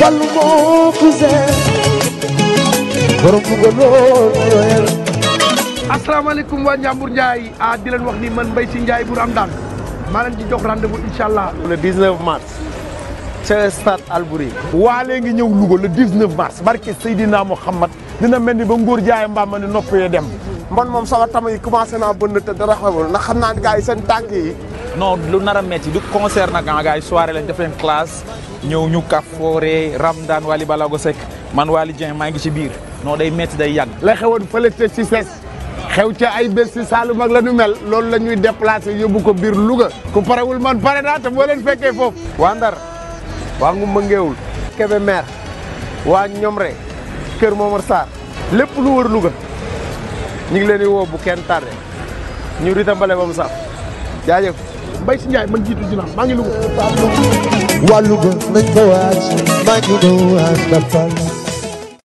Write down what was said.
fallu moo cousin borom bugga lool royal di leen wax ni man bay ci Njaay bu ram dal ma leen di jox rendez-vous inshallah le 19 mars ce stade alburi waa lee ngi ñew lugo le 19 mars barke sayidina Mouhamad dina melni ba ngor jaay mbam ma ni nopp yee dem man mom sama tamay commencé na bënd te dara xewul na xamna gaay sen gars yi non lu nar a métti du concert nag ah gars yi soirée lañ def leen ñëw ñu kaf foore Ramdan Wally Balago Seck man Wally Dieng maa ngi ci biir non day métti day yàgg. la xewoon fële ca ci ses xew ca ay bés si Saalum ak la ñu mel loolu lañuy ñuy déplacé yóbbu ko biir Louga. ku parewul man pare naa te boo leen fekkee foofu. waa Ndar waa ngu mëngeewul Kébémer waa Ñomre Kër Momar Sarr lépp lu wër Louga ñu ngi leen di woo bu kenn tardé ñu ritambale ba mu Mbaye Sy Ndiaye man jiitu dina maa ngi Louga. waa Louga nañ ko waaj maa ngi ko waaj